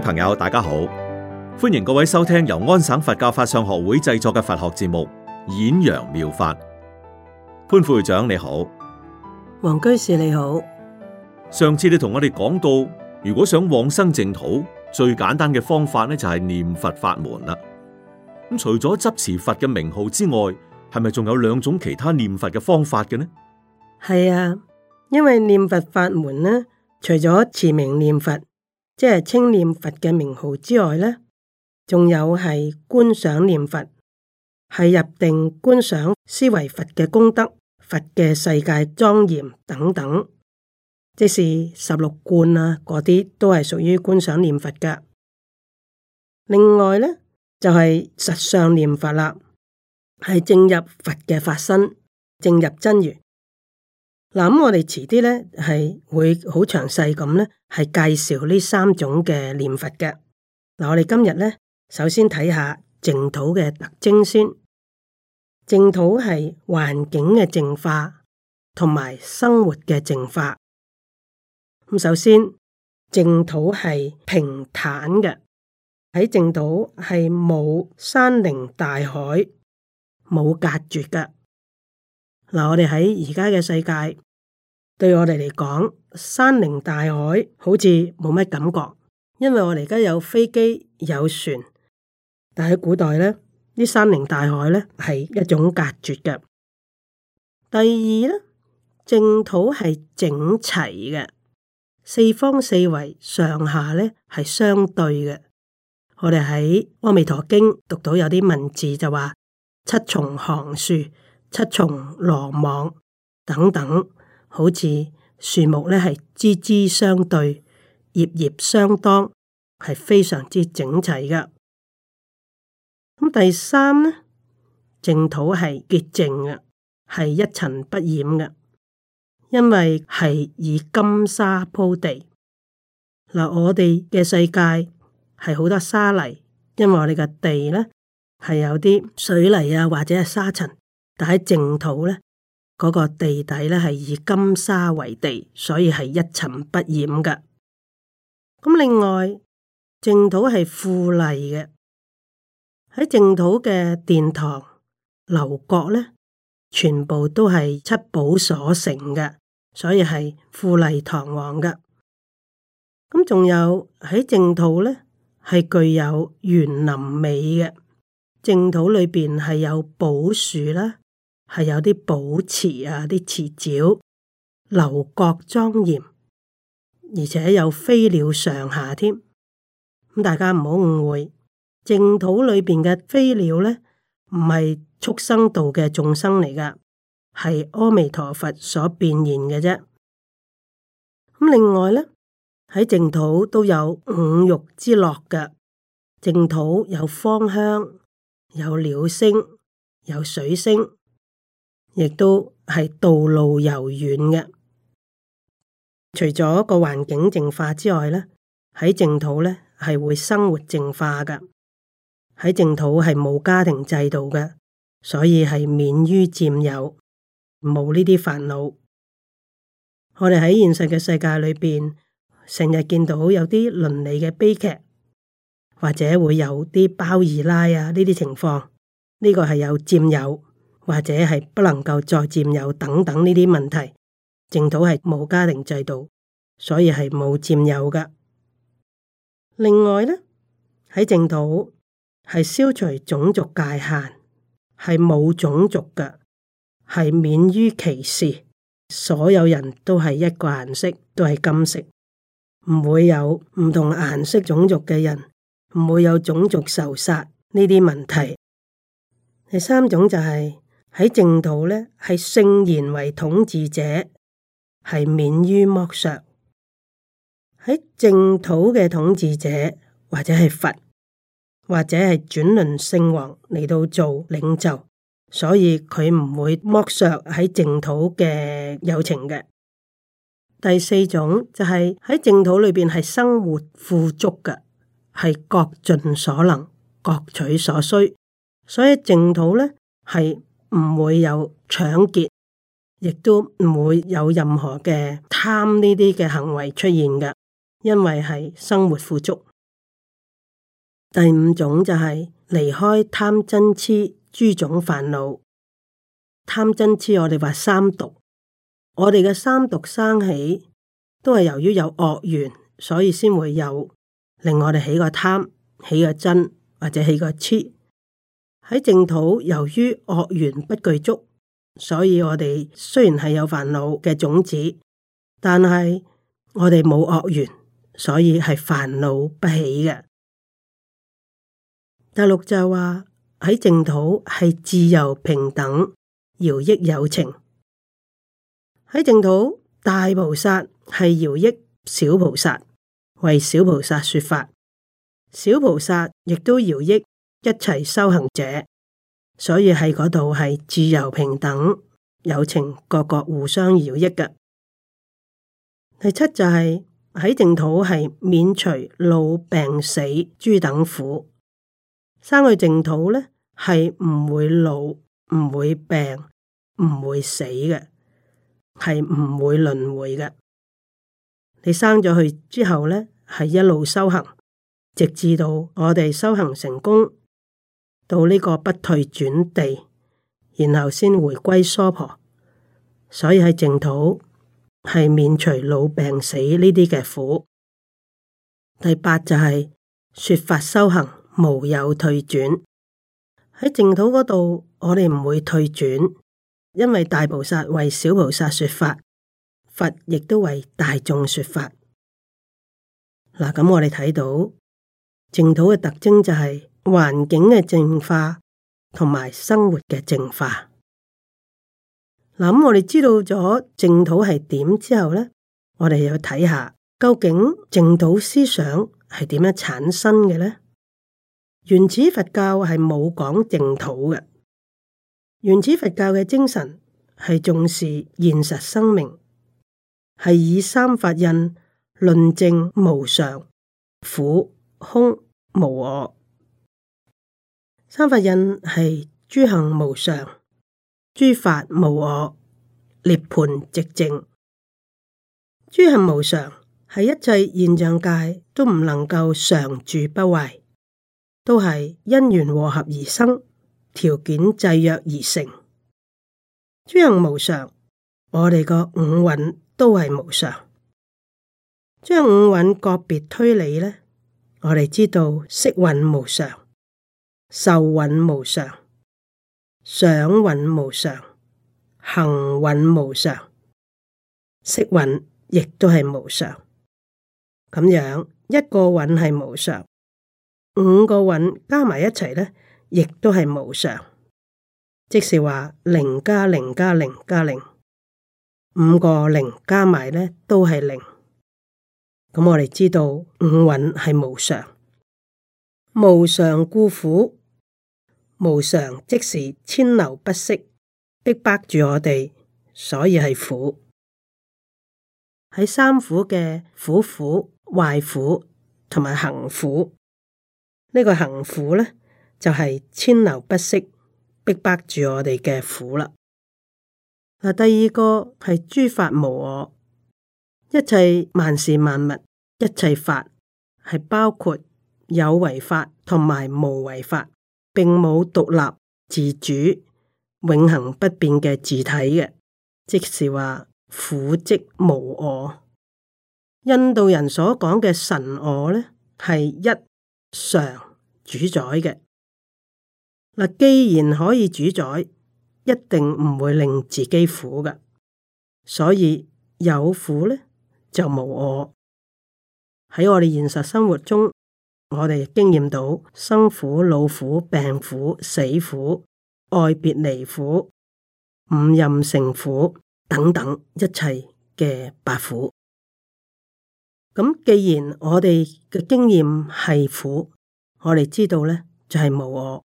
朋友，大家好，歡迎各位收聽由安省佛教法相學會製作嘅佛學節目《演揚妙，妙法》。潘副會長你好，黃居士你好。上次你同我哋講到，如果想往生淨土，最簡單嘅方法咧就係念佛法門啦。咁除咗執持佛嘅名號之外，係咪仲有兩種其他念佛嘅方法嘅呢？係啊，因為念佛法門呢，除咗持名念佛。即係清念佛嘅名號之外呢，仲有係觀想念佛，係入定觀想思維佛嘅功德、佛嘅世界莊嚴等等，即是十六觀啊嗰啲都係屬於觀想念佛嘅。另外呢，就係、是、實相念佛啦，係正入佛嘅法身，正入真如。嗱、嗯，我哋遲啲咧係會好詳細咁咧，係介紹呢三種嘅念佛嘅。嗱、嗯，我哋今日咧，首先睇下淨土嘅特徵先。淨土係環境嘅淨化，同埋生活嘅淨化。咁、嗯、首先，淨土係平坦嘅，喺淨土係冇山嶺大海，冇隔絕㗎。嗱，我哋喺而家嘅世界，對我哋嚟講，山林大海好似冇乜感覺，因為我哋而家有飛機有船，但喺古代咧，呢山林大海咧係一種隔絕嘅。第二咧，淨土係整齊嘅，四方四圍上下咧係相對嘅。我哋喺《阿彌陀經》讀到有啲文字就話七重行樹。七重羅網等等，好似樹木呢係枝枝相對，葉葉相當，係非常之整齊嘅。咁第三呢，淨土係潔淨嘅，係一塵不染嘅，因為係以金沙鋪地。嗱、呃，我哋嘅世界係好多沙泥，因為我哋嘅地呢，係有啲水泥啊，或者係沙塵。但係淨土咧，嗰、那個地底咧係以金沙為地，所以係一塵不染嘅。咁另外，淨土係富麗嘅。喺淨土嘅殿堂樓閣咧，全部都係七寶所成嘅，所以係富麗堂皇嘅。咁仲有喺淨土咧，係具有園林美嘅。淨土裏邊係有寶樹啦。係有啲寶池啊，啲池沼，樓閣莊嚴，而且有飛鳥上下添。咁大家唔好誤會，淨土裏邊嘅飛鳥咧，唔係畜生道嘅眾生嚟噶，係阿彌陀佛所變現嘅啫。咁另外咧，喺淨土都有五欲之樂嘅，淨土有芳香，有鳥聲，有水聲。亦都係道路遙遠嘅，除咗個環境淨化之外咧，喺淨土咧係會生活淨化噶，喺淨土係冇家庭制度嘅，所以係免於占有，冇呢啲煩惱。我哋喺現實嘅世界裏邊，成日見到有啲倫理嘅悲劇，或者會有啲包二奶啊呢啲情況，呢個係有占有。或者係不能夠再佔有等等呢啲問題，淨土係冇家庭制度，所以係冇佔有噶另外呢，喺淨土係消除種族界限，係冇種族噶，係免於歧視，所有人都係一個顏色，都係金色，唔會有唔同顏色種族嘅人，唔會有種族仇殺呢啲問題。第三種就係、是。喺淨土呢，係聖賢為統治者，係免於剝削；喺淨土嘅統治者，或者係佛，或者係轉輪聖王嚟到做領袖，所以佢唔會剝削喺淨土嘅有情嘅。第四種就係喺淨土裏邊係生活富足噶，係各盡所能，各取所需，所以淨土呢係。唔會有搶劫，亦都唔會有任何嘅貪呢啲嘅行為出現嘅，因為係生活富足。第五種就係離開貪嗔痴諸種煩惱。貪嗔痴我哋話三毒，我哋嘅三毒生起都係由於有惡緣，所以先會有令我哋起個貪、起個嗔，或者起個痴。喺淨土，由於惡緣不具足，所以我哋雖然係有煩惱嘅種子，但係我哋冇惡緣，所以係煩惱不起嘅。第六就話喺淨土係自由平等、饒益有情。喺淨土，大菩薩係饒益小菩薩，為小菩薩說法，小菩薩亦都饒益一齊修行者，所以喺嗰度係自由平等、友情，個個互相饒益嘅。第七就係喺淨土係免除老、病、死諸等苦。生去淨土咧，係唔會老、唔會病、唔會死嘅，係唔會輪回嘅。你生咗去之後咧，係一路修行，直至到我哋修行成功。到呢個不退轉地，然後先回歸娑婆，所以喺淨土，係免除老病死呢啲嘅苦。第八就係說法修行無有退轉，喺淨土嗰度，我哋唔會退轉，因為大菩薩為小菩薩說法，佛亦都為大眾說法。嗱，咁我哋睇到淨土嘅特徵就係。環境嘅淨化同埋生活嘅淨化。嗱，咁我哋知道咗淨土係點之後咧，我哋又睇下究竟淨土思想係點樣產生嘅咧？原始佛教係冇講淨土嘅，原始佛教嘅精神係重視現實生命，係以三法印論證無常、苦、空、無我。三法印係諸行無常、諸法無我、涅槃寂靜。諸行無常係一切現象界都唔能夠常住不壞，都係因緣和合而生，條件制約而成。諸行無常，我哋個五蘊都係無常。將五蘊個別推理呢，我哋知道色蘊無常。受蘊無常，想蘊無常，行蘊無常，識蘊亦都係無常。咁樣一個蘊係無常，五個蘊加埋一齊呢，亦都係無常。即是話零加零加零加零，五個零加埋呢都係零。咁我哋知道五蘊係無常，無常故苦。無常即是遷流不息，逼迫住我哋，所以係苦。喺三苦嘅苦苦、壞苦同埋行苦，呢、這個行苦咧就係、是、遷流不息，逼迫住我哋嘅苦啦。嗱，第二個係諸法無我，一切萬事萬物、一切法係包括有為法同埋無為法。並冇獨立自主、永恒不變嘅自體嘅，即是話苦即無我。印度人所講嘅神我呢，係一常主宰嘅。嗱，既然可以主宰，一定唔會令自己苦㗎。所以有苦呢，就無我。喺我哋現實生活中，我哋經驗到生苦、老苦、病苦、死苦、愛別離苦、五蘊盛苦等等一切嘅八苦。咁既然我哋嘅經驗係苦，我哋知道咧就係、是、無我。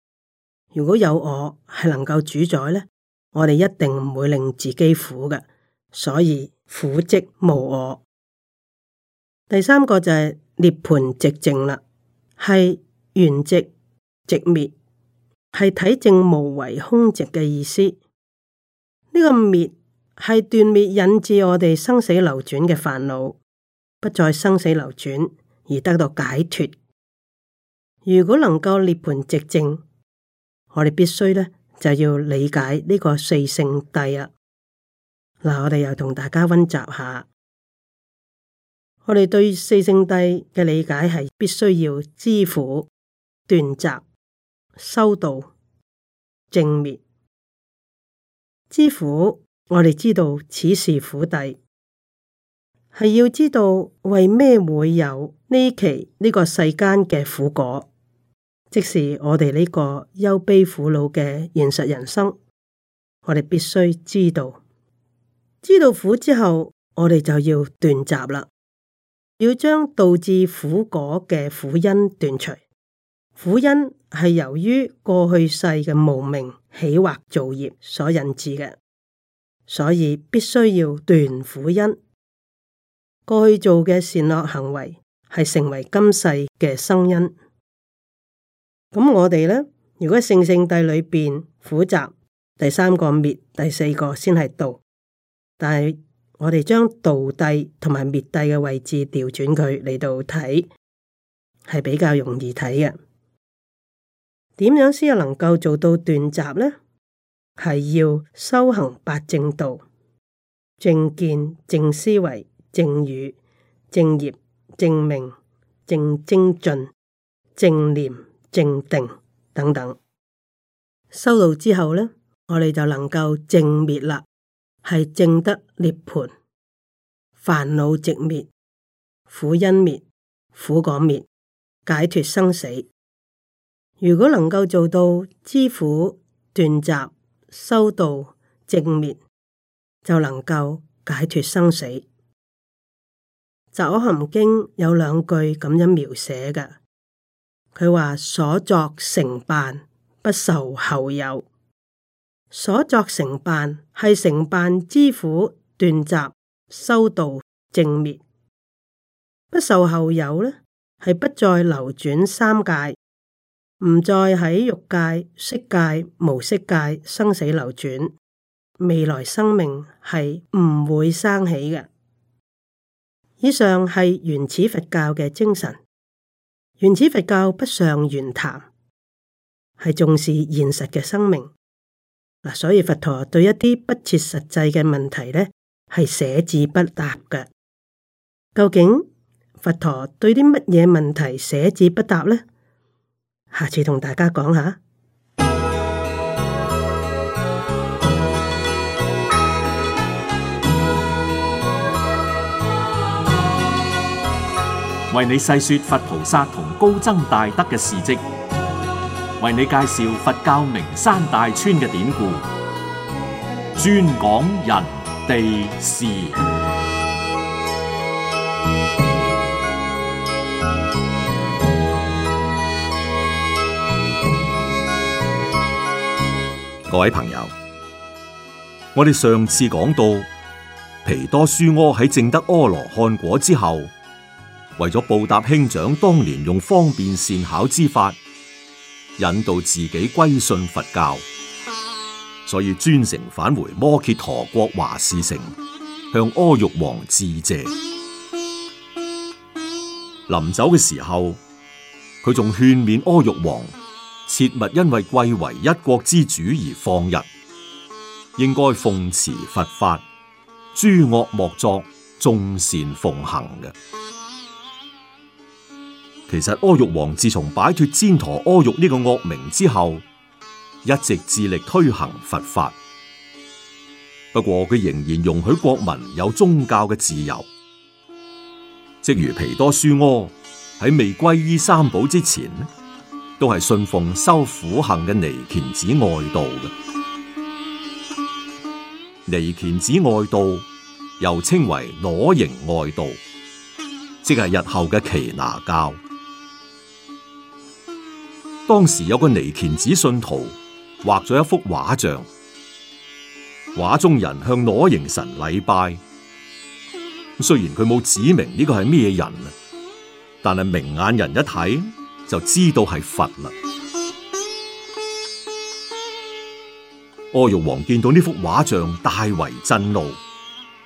如果有我係能夠主宰咧，我哋一定唔會令自己苦嘅。所以苦即無我。第三個就係涅槃寂靜啦。係圓寂、寂滅，係體證無為空寂嘅意思。呢、這個滅係斷滅引致我哋生死流轉嘅煩惱，不再生死流轉而得到解脫。如果能夠涅槃寂靜，我哋必須咧就要理解呢個四聖諦啊。嗱，我哋又同大家溫習下。我哋對四聖諦嘅理解係必須要知苦、斷集、修道、正滅。知苦，我哋知道此是苦諦，係要知道為咩會有呢期呢個世間嘅苦果，即是我哋呢個憂悲苦惱嘅現實人生。我哋必須知道，知道苦之後，我哋就要斷集啦。要將導致苦果嘅苦因斷除，苦因係由於過去世嘅無明、起惑、造業所引致嘅，所以必須要斷苦因。過去做嘅善惡行為係成為今世嘅生因。咁我哋呢，如果聖聖諦裏邊苦集第三個滅，第四個先係道，但係。我哋將道帝同埋滅帝嘅位置調轉佢嚟到睇，係比較容易睇嘅。點樣先能夠做到斷集呢？係要修行八正道：正見、正思維、正語、正業、正命、正精進、正念、正定等等。修道之後呢，我哋就能夠正滅啦。係證得涅盤，煩惱直滅，苦因滅，苦果滅，解脫生死。如果能夠做到知苦斷集修道證滅，就能夠解脫生死。《雜阿含經》有兩句咁樣描寫嘅，佢話所作成辦不受後有。所作成辦係成辦知苦斷集修道證滅，不受後有呢，係不再流轉三界，唔再喺欲界、色界、無色界生死流轉，未來生命係唔會生起嘅。以上係原始佛教嘅精神，原始佛教不尚玄談，係重視現實嘅生命。所以佛陀對一啲不切實際嘅問題咧，係捨置不答嘅。究竟佛陀對啲乜嘢問題捨置不答呢？下次同大家講下。為你細說佛菩薩同高僧大德嘅事跡。為你介紹佛教名山大川嘅典故，專講人地事。各位朋友，我哋上次講到，皮多舒阿喺證得阿羅漢果之後，為咗報答兄長當年用方便善巧之法。引導自己歸信佛教，所以專程返回摩揭陀國華氏城，向阿育王致謝。臨走嘅時候，佢仲勸勉阿育王，切勿因為貴為一國之主而放逸，應該奉持佛法，諸惡莫作，眾善奉行嘅。其實阿育王自從擺脫旃陀阿育呢個惡名之後，一直致力推行佛法。不過佢仍然容許國民有宗教嘅自由，即如皮多舒柯，喺未皈依三寶之前，都係信奉修苦行嘅尼乾子外道嘅。尼乾子外道又稱為裸形外道，即係日後嘅耆那教。當時有個尼乾子信徒畫咗一幅畫像，畫中人向裸形神禮拜。咁雖然佢冇指明呢個係咩人，但係明眼人一睇，就知道係佛啦。阿 育王見到呢幅畫像，大為震怒，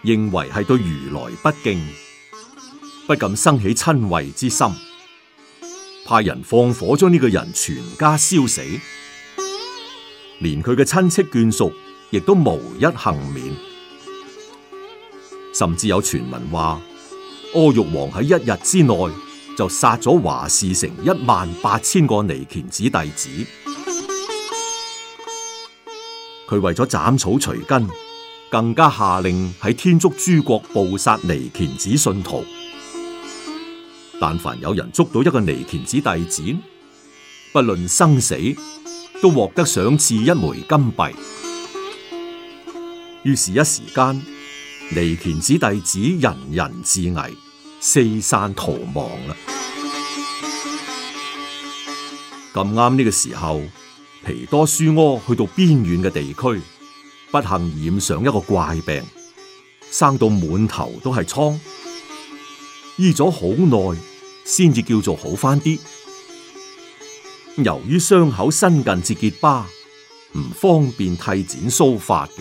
認為係對如來不敬，不禁生起親為之心。派人放火將呢個人全家燒死，連佢嘅親戚眷屬亦都無一幸免。甚至有傳聞話，阿育王喺一日之內就殺咗華氏城一萬八千個尼乾子弟子。佢為咗斬草除根，更加下令喺天竺諸國捕殺尼乾子信徒。但凡有人捉到一個尼乾子弟子，不論生死，都獲得賞賜一枚金幣。於是，一時間尼乾子弟子人人自危，四散逃亡啦。咁啱呢個時候，皮多舒柯去到邊遠嘅地區，不幸染上一個怪病，生到滿頭都係瘡。醫咗好耐，先至叫做好翻啲。由於傷口新近至結疤，唔方便剃剪鬚髮嘅，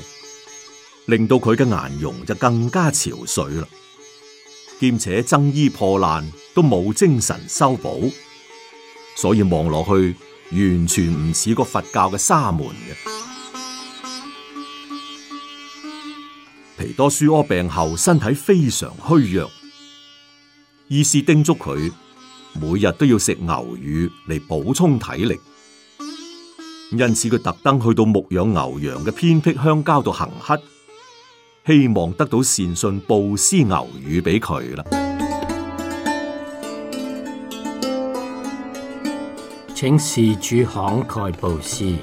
令到佢嘅顏容就更加憔悴啦。兼且僧衣破爛，都冇精神修補，所以望落去完全唔似個佛教嘅沙門嘅。皮多蘇柯病後，身體非常虛弱。意思叮囑佢，每日都要食牛乳嚟，補充體力。因此佢特登去到牧養牛羊嘅偏僻鄉郊度行乞，希望得到善信布施牛乳俾佢啦。請施主慷慨布施。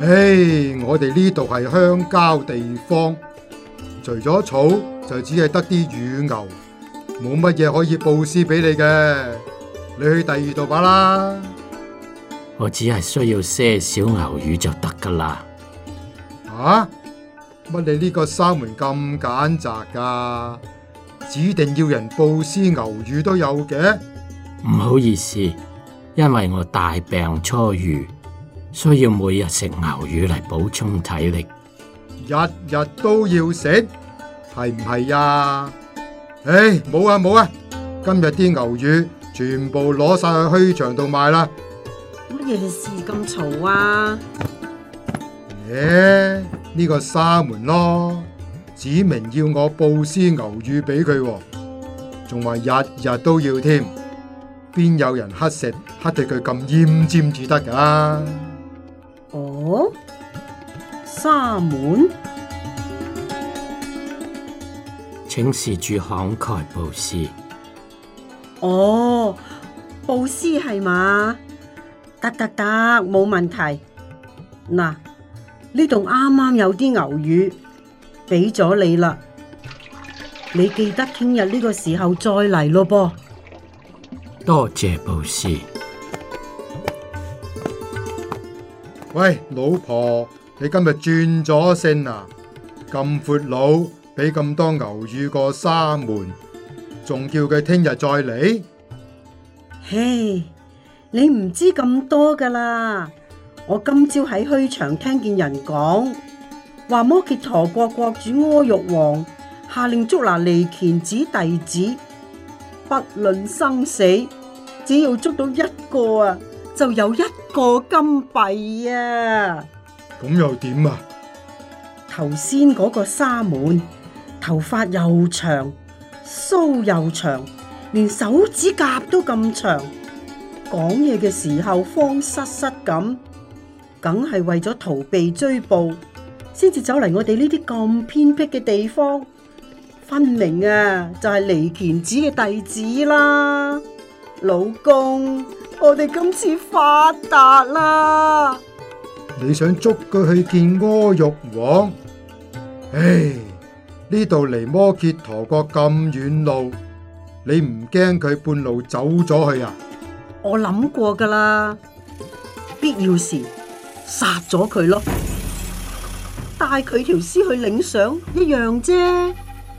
唉，hey，我哋呢度係鄉郊地方，除咗草就只係得啲乳牛。冇乜嘢可以布施俾你嘅，你去第二度把啦。我只係需要些少牛乳就得噶啦。啊？乜你呢個沙門咁揀擇噶？指定要人布施牛乳都有嘅？唔好意思，因為我大病初愈，需要每日食牛乳嚟補充體力，日日都要食，係唔係啊？唉，冇、hey, 啊冇啊，今日啲牛乳全部攞晒去墟場度賣啦。乜嘢事咁嘈啊？誒，呢個沙門咯，指明要我布施牛乳俾佢，仲話日日都要添，邊有人乞食乞到佢咁奄尖至得㗎？哦，oh? 沙門。請施主慷慨布施。哦，布施係嘛？得得得，冇問題。嗱，呢度啱啱有啲牛魚，俾咗你啦。你記得聽日呢個時候再嚟咯噃。多謝布施。喂，老婆，你今日轉咗性啊？咁闊佬！俾咁多牛乳嘅沙門，仲叫佢聽日再嚟？嘿，hey, 你唔知咁多噶啦！我今朝喺墟場聽見人講，話摩羯陀國國主阿育王下令捉拿尼乾子弟子，不論生死，只要捉到一個啊，就有一個金幣啊！咁又點啊？頭先嗰個沙門。頭髮又長，鬚又長，連手指甲都咁長。講嘢嘅時候慌失失咁，梗係為咗逃避追捕，先至走嚟我哋呢啲咁偏僻嘅地方。分明啊，就係尼乾子嘅弟子啦。老公，我哋今次發達啦！你想捉佢去見阿育王？唉。呢度離摩羯陀國咁遠路，你唔驚佢半路走咗去啊？我諗過噶啦，必要時殺咗佢咯，帶佢條屍去領賞一樣啫。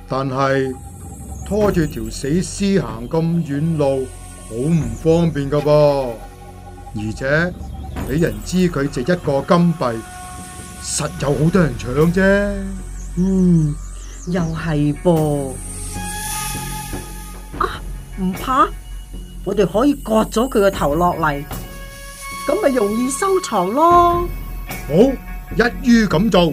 但係拖住條死屍行咁遠路，好唔方便噶噃，而且俾人知佢值一個金幣，實有好多人搶啫。嗯。又係噃，啊，唔怕，我哋可以割咗佢個頭落嚟，咁咪容易收藏咯。好，一於咁做。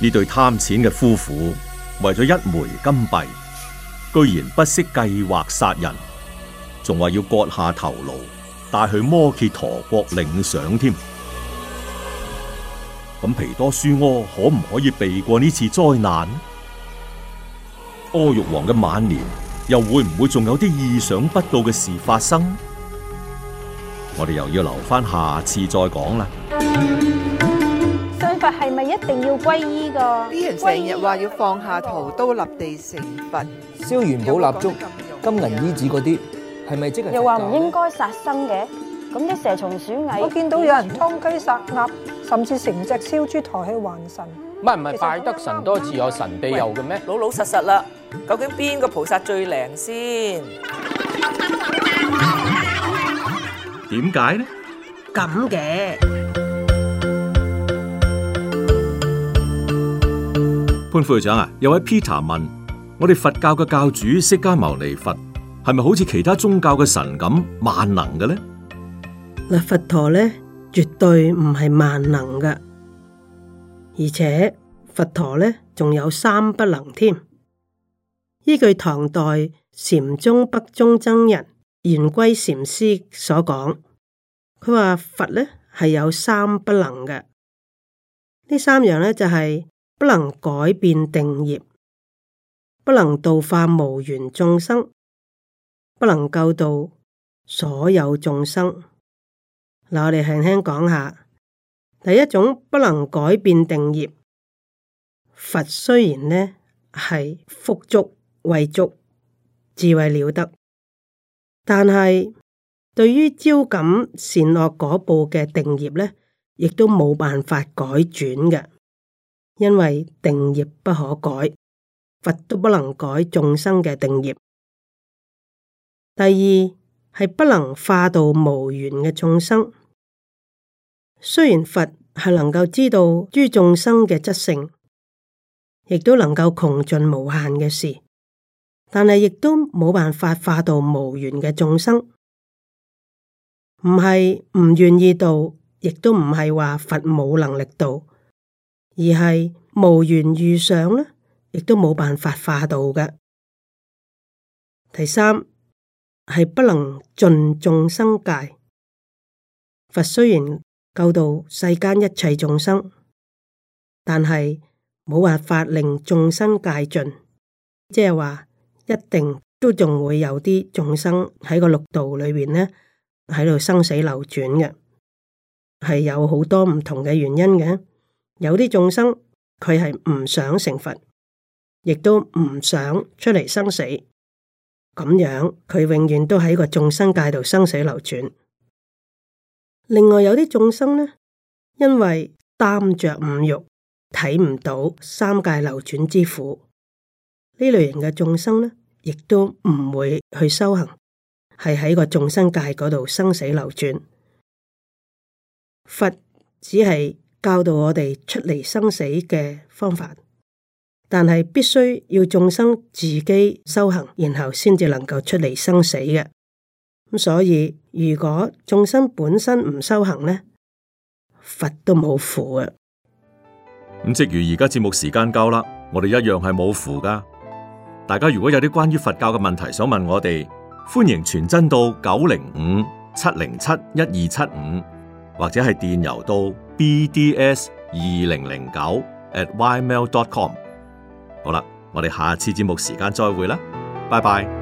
呢對貪錢嘅夫婦為咗一枚金幣，居然不惜計劃殺人，仲話要割下頭顱帶去摩羯陀國領賞添。咁皮多書柯可唔可以避過呢次災難？阿育王嘅晚年又會唔會仲有啲意想不到嘅事發生？我哋又要留翻下，下次再講啦。信佛係咪一定要皈依噶？啲人成日話要放下屠刀立地成佛，燒元寶蠟燭、金銀衣紙嗰啲，係咪即係？又話唔應該殺生嘅，咁啲蛇蟲鼠蟻，我見到有人劏雞殺鴨。甚至成隻燒豬抬去還神。唔係，唔係拜得神多自有神庇佑嘅咩？老老實實啦，究竟邊個菩薩最靈先？點解呢？咁嘅，潘副會長啊，有位 Peter 問：我哋佛教嘅教主釋迦牟尼佛係咪好似其他宗教嘅神咁萬能嘅呢？嗱，佛陀呢，絕對唔係萬能㗎，而且佛陀呢，仲有三不能添。依據唐代禪宗北宗僧人元珪禪師所講，佢話佛呢係有三不能嘅，呢三樣呢，就係不能改變定業，不能度化無緣眾生，不能救度所有眾生。嗱，我哋輕輕講下。第一種不能改變定業，佛雖然呢係福足慧足，智慧了得，但係對於招感善惡果報嘅定業呢，亦都冇辦法改轉嘅，因為定業不可改，佛都不能改眾生嘅定業。第二係不能化度無緣嘅眾生。雖然佛係能夠知道諸眾生嘅質性，亦都能夠窮盡無限嘅事，但係亦都冇辦法化到無緣嘅眾生。唔係唔願意度，亦都唔係話佛冇能力度，而係無緣遇上，呢亦都冇辦法化到嘅。第三，係不能盡眾生界，佛雖然。救度世間一切眾生，但係冇辦法令眾生界盡，即係話一定都仲會有啲眾生喺個六道裏邊呢，喺度生死流轉嘅，係有好多唔同嘅原因嘅。有啲眾生佢係唔想成佛，亦都唔想出嚟生死，咁樣佢永遠都喺個眾生界度生死流轉。另外有啲眾生呢，因為擔着五欲，睇唔到三界流轉之苦，呢類型嘅眾生呢，亦都唔會去修行，係喺個眾生界嗰度生死流轉。佛只係教導我哋出離生死嘅方法，但係必須要眾生自己修行，然後先至能夠出離生死嘅。咁所以如果眾生本身唔修行呢，佛都冇符啊！咁即如而家節目時間夠啦，我哋一樣係冇符噶。大家如果有啲關於佛教嘅問題想問我哋，歡迎傳真到九零五七零七一二七五，75，或者係電郵到 bds 二零零九 atymail.com。好啦，我哋下次節目時間再會啦，拜拜。